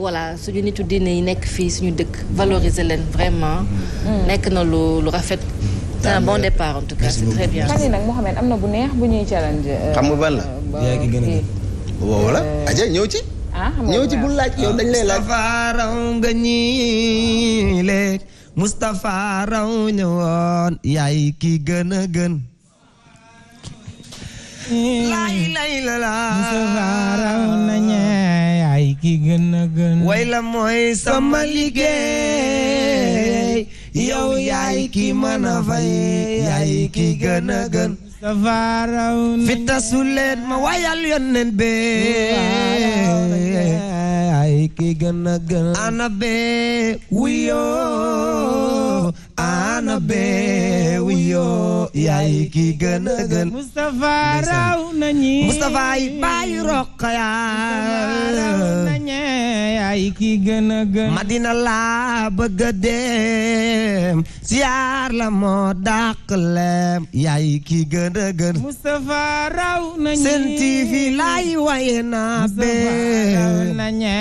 voilà suñu nitu diine yi nekk fii suñu dëkk valoriser leen vraiment. Mm. nekk na lu lu rafet. c'est un bon en tout cas c'est très bien. fan yi nag am na bu neex bu ñuy euh, xam nga ban la. a gën. Ah, ah. raw nga ñii leeg raw ñëwoon yaay ki gën gën. yaay ki gën a gën way la mooy sama liggéey yow yaay ki mën a fay yaay ki gën a gën safaaraw fi tasuleet ma wayal yonnen be yaay ki gën a gën ana be wuyoo na beewu ki gën a raw na ñi Madina laa bëgg a dem la moo dàq lem yaay ki gën a gën. raw na ñi Sen TV na bee. Moustapha raw na ñe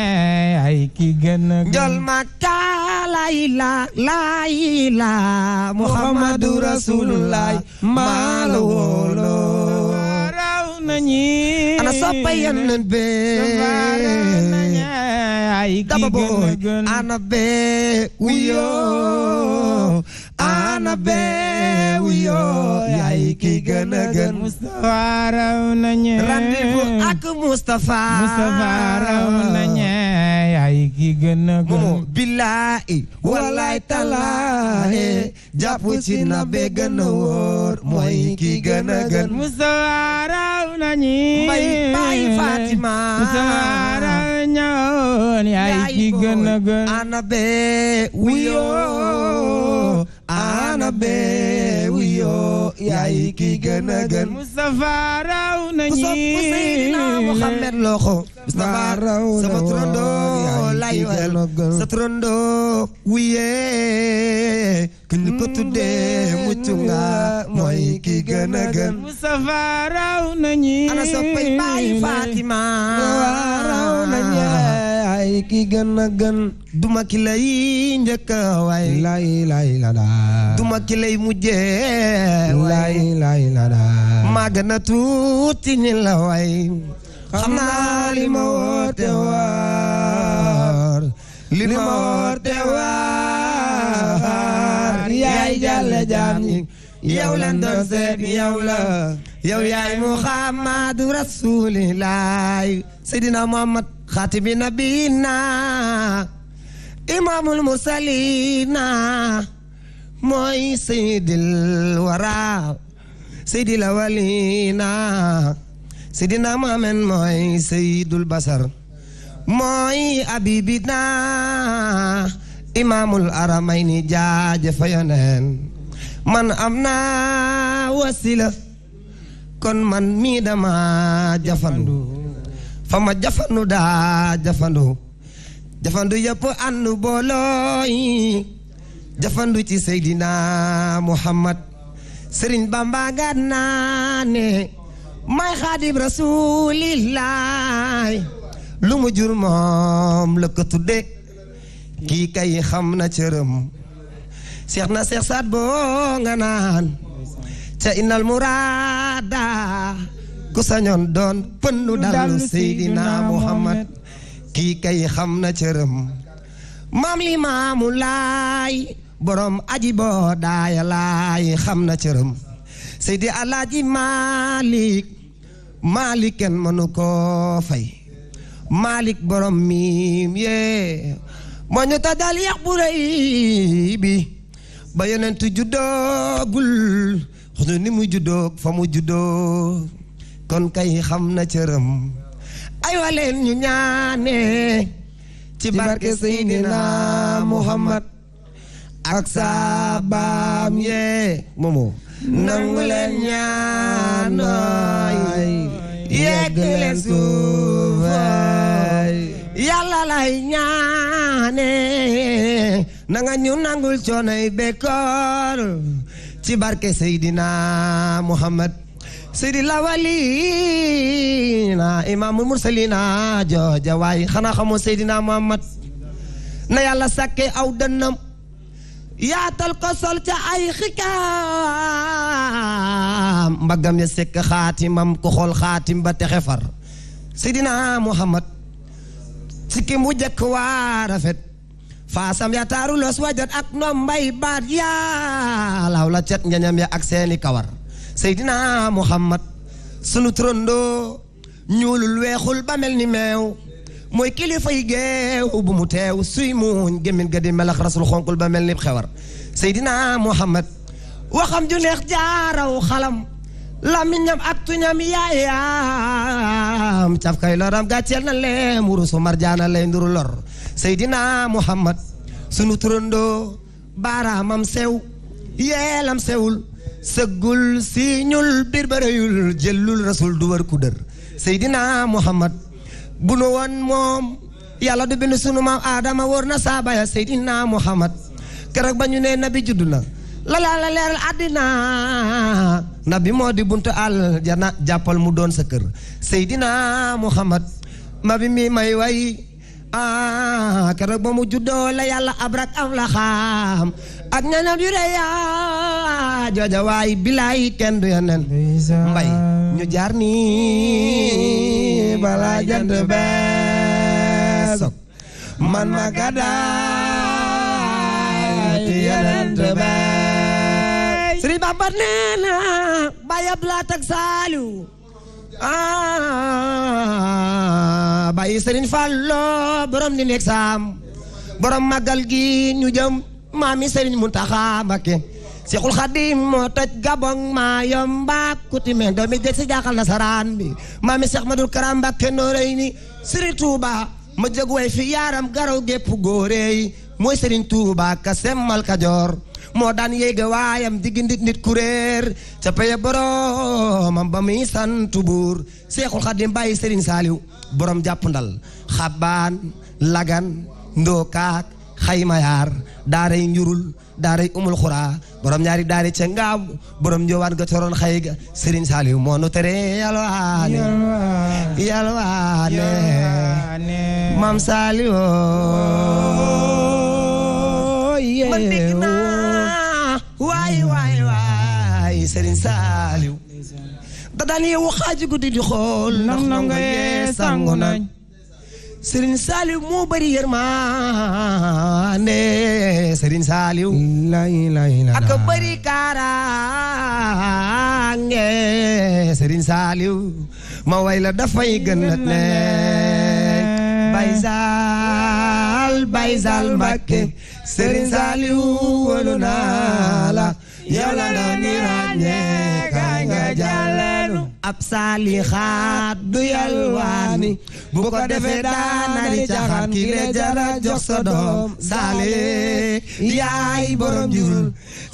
yaay ki gën a gën. Njol ma kaa laay la laay rasulullah muhammadu rasulullah maa la woolo ana soppa yenen be daba boy ana be ana be wuyo yaay ki gën a gën Mustafa raw nañi rendez-vous ci gën a gën billaahi walaay talaahi ci na be gën a wóor mooy ki gën a gën Mustafa raw nañi mbay baay Fatima Mustafa raw ñawoon yaay ki gën a gën ana be wuyoo ana be wuyoo yaay ki gën a gën Mustafa raw nañi Muhammad loxo Mustafa sama trondo sa trondo wuyee ku mm-hmm. ki gën a gën ay ki gën a gën duma ki lay mujjee lay lay la la gën a tuuti ni la xam naa li ma woote waar li ma woote waar yaay jàll jaam ñi yow lan doon seet yow la yow yaay muhammadu rasulillah seydina muhammad xaatibi nabiyina imaamul mursalina mooy seydil wara seydil awalina sidina Muhammad mooy sayyidul basar mooy abibina imaamul aramayni jaajëfa yoneen man am naa wasila kon man mii dama jafandu fa ma jafandu daa jafandu jafandu yëpp àndu boolooy jafandu ci seydina muhammad sëriñ bamba gaat may xaadim rasuulillaay lu mu jur moom la ko tudde kii kay xam na cërëm seex na seex saat boo nga naan ca innal muraada ku sañoon doon pënnu dallu seydina muhammad kii kay xam na cërëm maam li maamu laay borom aji boo daaya laay xam na cërëm seydi alaaji maalik maalik kenn ko koo fay maalik borom miim yee moo ñu ta dal yax bu rëy bi ba yonent juddoogul xunu ni mu juddoog fa mu juddoo kon kay xam na cëram ay waleen ñu ñaane ci barke Seydina Muhammad ak saabaam yee moomoo nangu leen ñaanay yegg leen suufay yàlla lay ñaane nanga ñu nangul coonay bekkoor ci barke Seydina Muhammad Seydi lawalina imaamul mursalina jooja waay xanaa xamoo Seydina Muhammad na yàlla sàkke aw dënnam yaatal ko sol ca ay xikaam mbaggam ya sekk xaatimam ku xaatim ba texe far sidina muhammad sikki mu jëkk waa rafet faasam ya taaru los wajat ak noom mbay baat yaa law cet njañam ya ak seeni kawar seydina muhammad sunu trondo ñuulul weexul ba mel ni meew mooy kilifa yi geew bu mu teew suy muuñ gémmin ga di melax rasul xonkul ba mel ni xewar seydina muhammad waxam ju neex jaaraw xalam lamiñam ak tuñam yaayam cafkay loram gàcceel na leen wurusu marjaana lay nduru lor seydina muhammad sunu turandoo baaraamam sew yeelam sewul sëggul siiñul biir bërëyul jëllul rasul du ku dër seydina muhammad bu nu woon moom yàlla du bind sunu maam aadama wóor na saaba ya seydina muhammad keroog ba ñu ne nabi judd na la la la leeral àddina nabi moo di buntu aljana jàppal mu doon sa kër seydina muhammad ma bi mi may way ah keroog ba mu juddoo la yàlla abrak la xam ak ñanam yu rëy yaa jooja waay bilaay kenn du yeneen mbay ñu jaar nii balaa jant bee sog man ma gàddaay yeneen bee Sëriñ Bamba nee na Baay Ablaat ah, borom ni nekk borom màggal gi ñu jëm maami Serigne Mountakha Mbacké Seexul Xadim moo toj Gabon maa yomba kutime doomi jeg si jaaxal nasaraan bi maami Seex Madul Karam Mbacké noorey ni Serigne Touba ma jeg way fi yaaram garaw gépp góoreey mooy Serigne Touba ka semmal Kajoor moo daan yéega waayam diggi nit nit kuréer ca paye boromam ba muy sant buur seexul xadim bàyyi Serigne Saliou borom jàpp ndal xabaan lagan ndookaak xaymayaar daaray njurul daaray umul xuraa borom ñaari daari ca ngaab borom njowaan ga toroon xay ga Serigne Saliou moo nu tere yalwaane yalwaane maam Saliou oh, man dégg waay waay waay Serigne Saliou da daan yeewu xaaju guddi di xool ndax yee sangu nañ Serigne Saliou moo bari yërmande Serigne Saliou la ilaha illallah ak bari kaaraange Serigne Saliou ma way dafay gën a nekk Baye Sall Baye Sall Mbacké Serigne Saliou wóolu naa la yow la doon ni ràññee ka nga jàlle ab saalixaat du yalwaani bu ko defee daanari caxaan ki le jara jox sa doom saali yaay borom jurul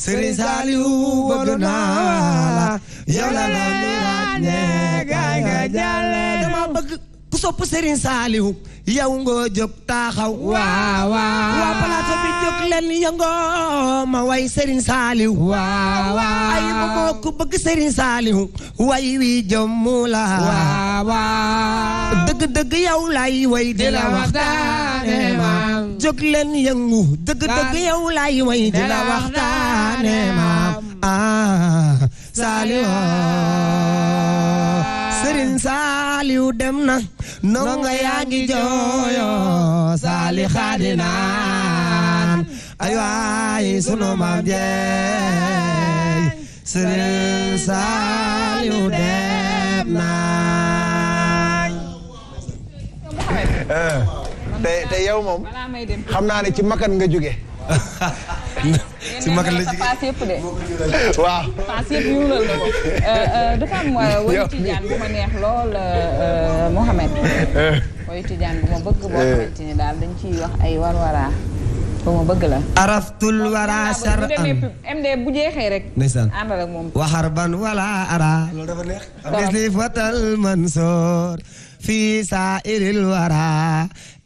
sëriñ saaliwu bëgg naa la la la ñu ràññee gaay nga jàlle dama bëgg ku sopp sëriñ saaliwu yow ngoo jóg taaxaw waaw waaw waa plateau bi jóg leen yëngoo ma way sëriñ saaliwu waaw waaw kooku bëgg Serigne Saliou way wi jëmmu la waaw dëgg-dëgg yow lay way di la waxtaane maam jóg leen yëngu dëgg-dëgg lay way di la waxtaane maam ah Saliou Serigne dem na ndongo yaa jooyo Sali xaadi ay waay sunu maam Sëriñ Saliou dem nañ. Eh, te te yow moom xam naa ne ci makan nga jóge si makan la jóge paas yëpp de. waaw paas yëpp ñuulal na ko. Eh, eh, dafa am tijaan bu ma neex lool Mouhamed. woyu tijaan bu ma bëgg boo xamante ni daal dañ ci wax ay warwaraa. ba ma bëgg la. araftul wara sar am MD bu jeexee rek. ndeysaan àndal ak moom. waxar ban wala ara. loolu dafa neex. bis li fatal mansoor fii saa iril wara.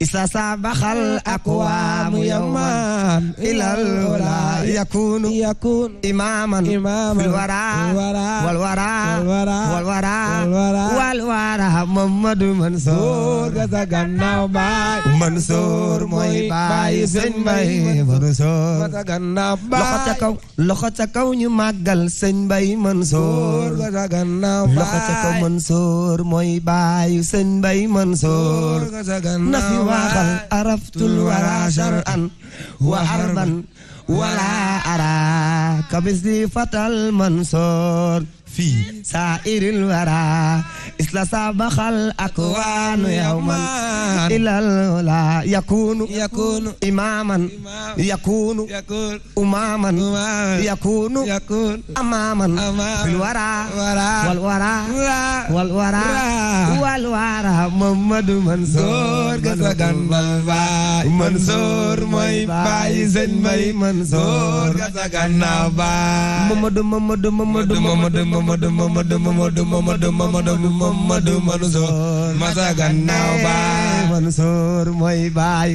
استسابخ الأقوام يوما إلى الولا يكون يكون إماما في الورى والورى والورى والورى محمد منصور غناو باي منصور موي باي سن باي منصور غناو باي loxo ca kaw loxo ca kaw ñu màggal sëñ Bay Mansour loxo ca kaw Mansour mooy baayu sëñ Bay Mansour na fi وخل أرفت الورى شرعا وحربا ولا أرى كمثلي فتى المنصور في سائر الورى إسلا سابخ الأكوان يوما إلى العلا يكون يكون إماما يكون أماما يكون أماما في الورى والورى والورى والورى محمد منصور Mansoor ga sa gànnaaw baay Mansoor mooy baayu sëñ Mbay Mansoor ga sa gànnaaw baay Mamadou Mamadou Mamadou Mamadou Mamadou Mamadou Mamadou Mamadou Mamadou ma sa gànnaaw baay Mansoor mooy